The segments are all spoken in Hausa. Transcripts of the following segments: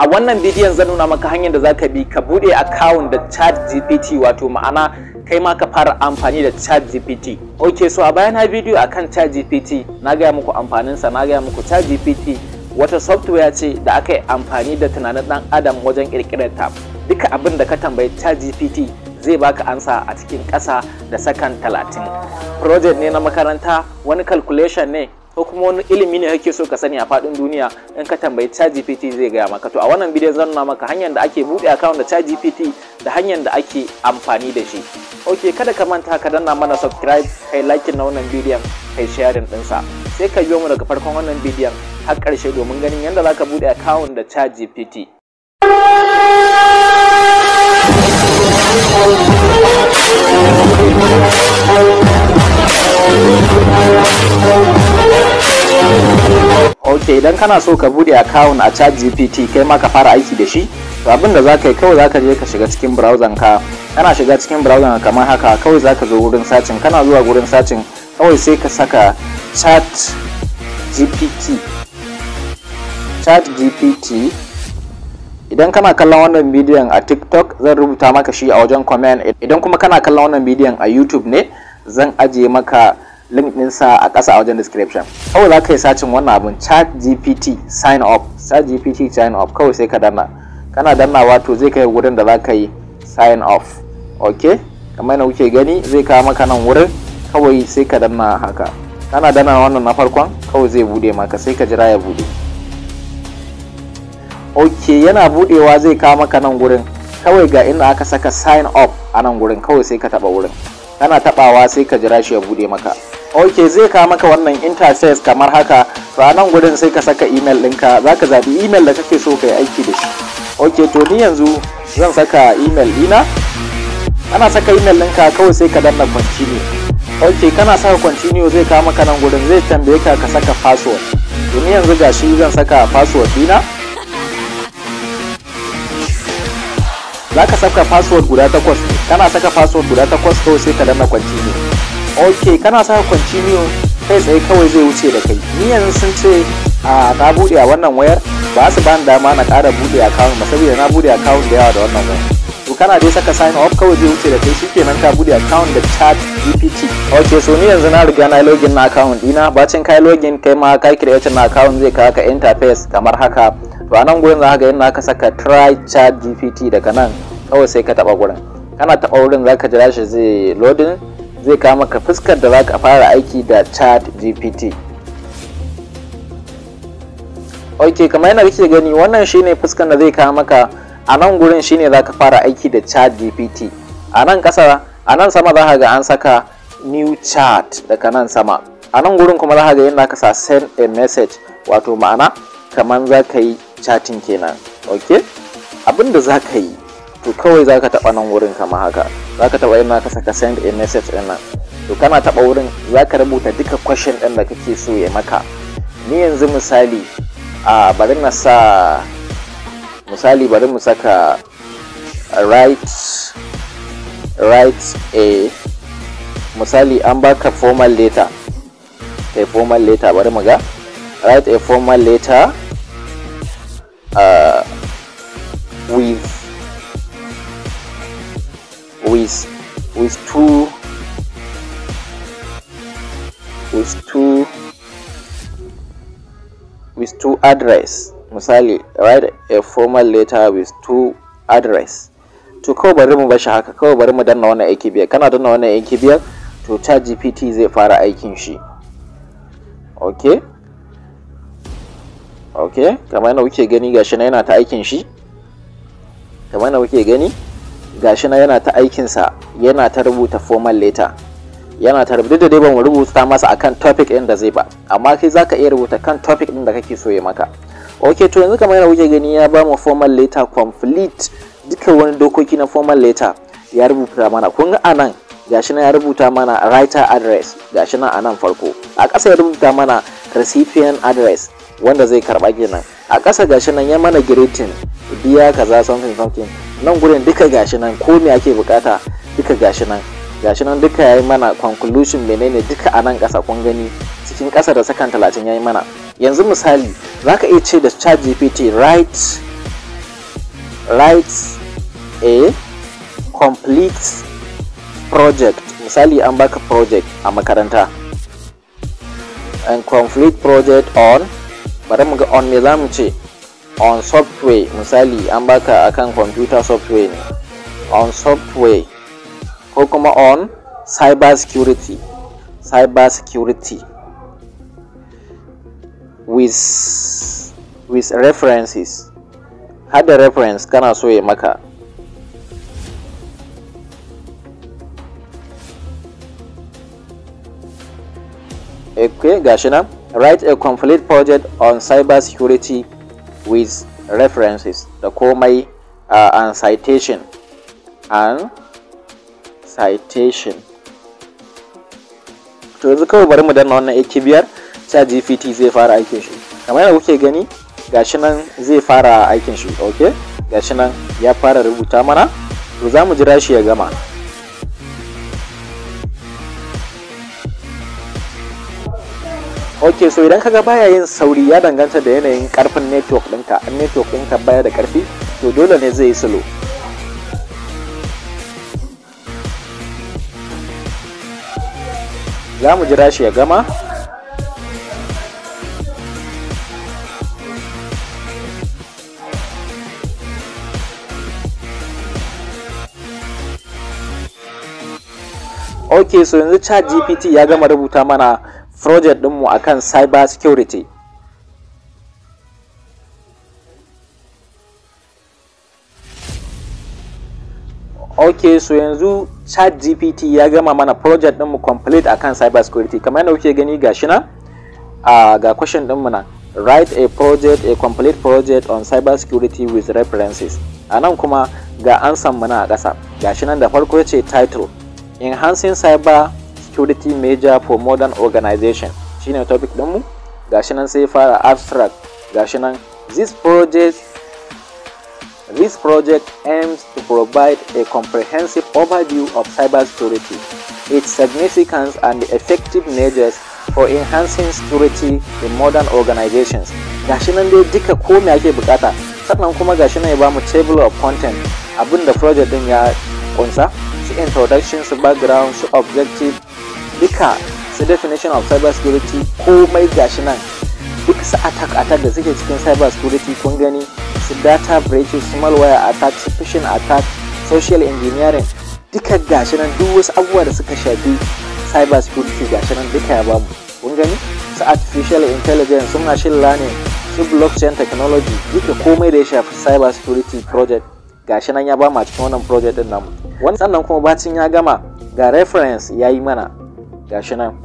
a wannan bidiyon zan nuna maka hanyar da za ka bi ka bude akawun da chat gpt wato ma'ana kai ma ka fara amfani da chat gpt ok so a bayan na bidiyo akan chat gpt na gaya muku amfaninsa na gaya muku chat gpt wata software ce da aka yi amfani da tunanin dan adam wajen kirkirar ta duka abin da ka tambayi chat gpt zai baka ansa a cikin ƙasa da sakan 30 project ne na makaranta wani calculation ne ko kuma wani ilimi ne kake so ka sani a faɗin duniya in ka tambayi ChatGPT zai gaya maka to a wannan bidiyon zan nuna maka hanyar da ake buɗe account da ChatGPT da hanyar da ake amfani da shi ok kada ka manta ka danna mana subscribe kai like na wannan bidiyon kai sharing ɗinsa sai ka biyo mu daga farkon wannan bidiyon har ƙarshe domin ganin yadda za ka buɗe account da ChatGPT. ce idan kana so ka bude account a chat gpt kai ma ka fara aiki da shi to abin da za ka yi kawai za ka je ka shiga cikin browser ka kana shiga cikin browser kamar haka kawai za ka zo wurin sacin kana zuwa wurin sacin kawai sai ka saka chat gpt chat gpt idan kana kallon wannan bidiyon a tiktok zan rubuta maka shi a wajen comment idan kuma kana kallon wannan bidiyon a youtube ne zan ajiye maka link ɗinsa a ƙasa a wajen description kawai za ka yi sacin wannan abin chat gpt sign up chat gpt sign up kawai sai ka danna kana danna wato zai kai wurin da za ka yi sign off ok kamar yadda kuke gani zai kawo maka nan wurin kawai sai ka danna haka kana danna wannan na farkon kawai zai bude maka sai ka jira ya bude ok yana budewa zai kawo maka nan wurin kawai ga inda aka saka sign up a nan wurin kawai sai ka taba wurin kana tabawa sai ka jira shi ya bude maka ok zai ka maka wannan interface kamar haka to a nan sai ka saka email ɗinka za ka zaɓi email da kake so ka yi aiki da shi ok to ni yanzu zan saka email ɗina ana saka email ɗinka kawai sai ka danna continue ok kana saka continue zai ka maka nan gudun zai tambaye ka ka saka password to ni yanzu shi zan saka password ɗina za ka saka password guda takwas ne. kana saka password guda takwas kawai sai ka danna continue ok kana saka continue kai tsaye kawai zai wuce da kai ni yanzu sun ce a na buɗe a wannan wayar ba su bani dama na ƙara buɗe account ba saboda na buɗe account da yawa da wannan wayar to kana dai saka sign up kawai zai wuce da kai shikenan ka buɗe account da chat gpt ok so ni yanzu na riga na login na account dina bacin kai login kai ma kai creating na account zai kawo ka interface kamar haka to a nan gurin za ka ga yadda aka saka try chat gpt daga nan kawai sai ka taba gurin kana taba wurin za ka jira shi zai loading zai kama ka fuskar da za ka fara aiki da chat gpt ok kamar yana kake gani wannan shine fuskar da zai kama maka a nan gurin shine za ka fara aiki da chat gpt a nan kasa a nan sama za ka ga an saka new chat daga nan sama a nan gurin kuma za ka ga yadda ka sa send a message wato ma'ana kamar za ka yi chatting kenan ok abin da za ka yi to kawai za ka taɓa nan wurin kama haka za ka taɓa yana ka saka send a message ɗin nan to kana taɓa wurin za ka rubuta duka question ɗin da kake so ya maka ni yanzu misali a bari na sa misali bari mu saka write write a misali an baka formal letter a formal letter bari mu ga write a formal letter uh, with with with two with two with two address misali write a formal letter with two address to kawai bari mu bashi haka kawai bari mu danna wannan aiki biyar kana danna wannan aiki biyar to chat gpt zai fara aikin shi okay okay kamar yana kuke gani gashi na yana ta aikin shi kamar yana kuke gani gashi na yana ta aikinsa yana ta rubuta formal letter yana ta rubuta dai ban rubuta masa akan topic ɗin da zai ba amma kai zaka iya rubuta kan topic ɗin da kake so ya maka ok to yanzu kamar yana wuce gani ya ba mu formal letter complete dukkan wani dokoki na formal letter ya rubuta mana kun ga anan gashi na ya rubuta mana writer address gashi na anan farko a ƙasa ya rubuta mana recipient address wanda zai karba kenan a ƙasa gashi nan ya mana greeting biya kaza something something nan gurin duka gashi nan ko me ake bukata duka gashi nan gashi nan duka yayi mana conclusion menene duka a nan ƙasa kun gani cikin ƙasa da sakan 30 yayi mana yanzu misali zaka iya ce da chat gpt write write a complete project misali an baka project a makaranta and complete project on bari mu ga on me zamu ce on software misali an baka akan computer software ne on software ko kuma on cyber security cyber security with with references hada reference kana so ya maka okay gashi write a complete project on cyber security with references da komai uh, and citation and citation to yanzu kawai bari mu danna wannan ake biyar chat gpt zai fara aikin shi kamar yadda kuke gani gashi nan zai fara aikin shi ok gashi nan ya fara rubuta mana to za mu jira shi ya gama ok so idan kaga baya yin sauri ya danganta da yanayin karfin network ɗinka an network ɗinka baya da karfi to dole ne zai yi slow za mu jira shi ya gama ok so yanzu chat gpt ya gama rubuta mana project ɗinmu akan cyber security ok so yanzu chat gpt ya gama mana project ɗinmu complete akan cyber security kamar yadda kuke gani ga shi uh, ga question ɗinmu na write a project a complete project on cyber security with references anan kuma ga ansan mana a ƙasa gashi nan da farko ya ce title enhancing cyber security major for modern organization shine topic ɗinmu shi nan sai fara abstract shi nan this project This project aims to provide a comprehensive overview of cyber security, its significance and the effective measures for enhancing security in modern organizations. ga shi nan dai duka ko me ake bukata, sannan kuma shi nan ya ba table of content abinda project din ya kunsa, su introduction, su background, su objective, duka su definition of cyber security komai gashi nan duk su attack attack da suke cikin cyber security kun gani su data breaches su malware attack su phishing attack social engineering duka gashi nan duk wasu abubuwa da suka shafi cyber security gashi nan duka ya bamu kun gani su artificial intelligence su machine learning su blockchain technology duka komai da ya shafi cyber security project gashi nan ya bamu a cikin wannan project din namu wani sannan kuma bacin ya gama ga reference ya yi mana gashi nan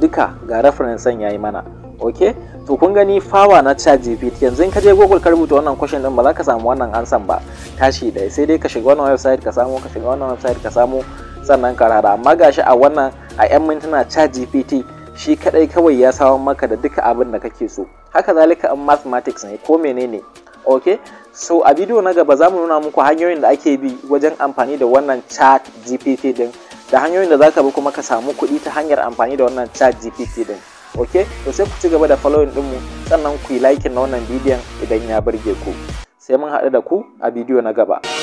duka ga reference ya yi mana ok to kun gani fawa na chat gpt yanzu in ka je google ka rubuta wannan question din ba za ka samu wannan ansan ba tashi ɗaya sai dai ka shiga wannan website ka samu ka shiga wannan website ka samu sannan ka rada amma gashi a wannan a yan mintuna chat gpt shi kadai kawai ya samu maka da duka abin da kake so haka zalika in mathematics ne ko menene ok so a bidiyo na gaba za mu nuna muku hanyoyin da ake bi wajen amfani da wannan chat gpt din da hanyoyin da za ka bi kuma ka samu kuɗi ta hanyar amfani da wannan chat gpt din ok to sai ku ci gaba da following ɗinmu sannan ku yi like na wannan bidiyon idan ya burge ku sai mun haɗu da ku a bidiyo na gaba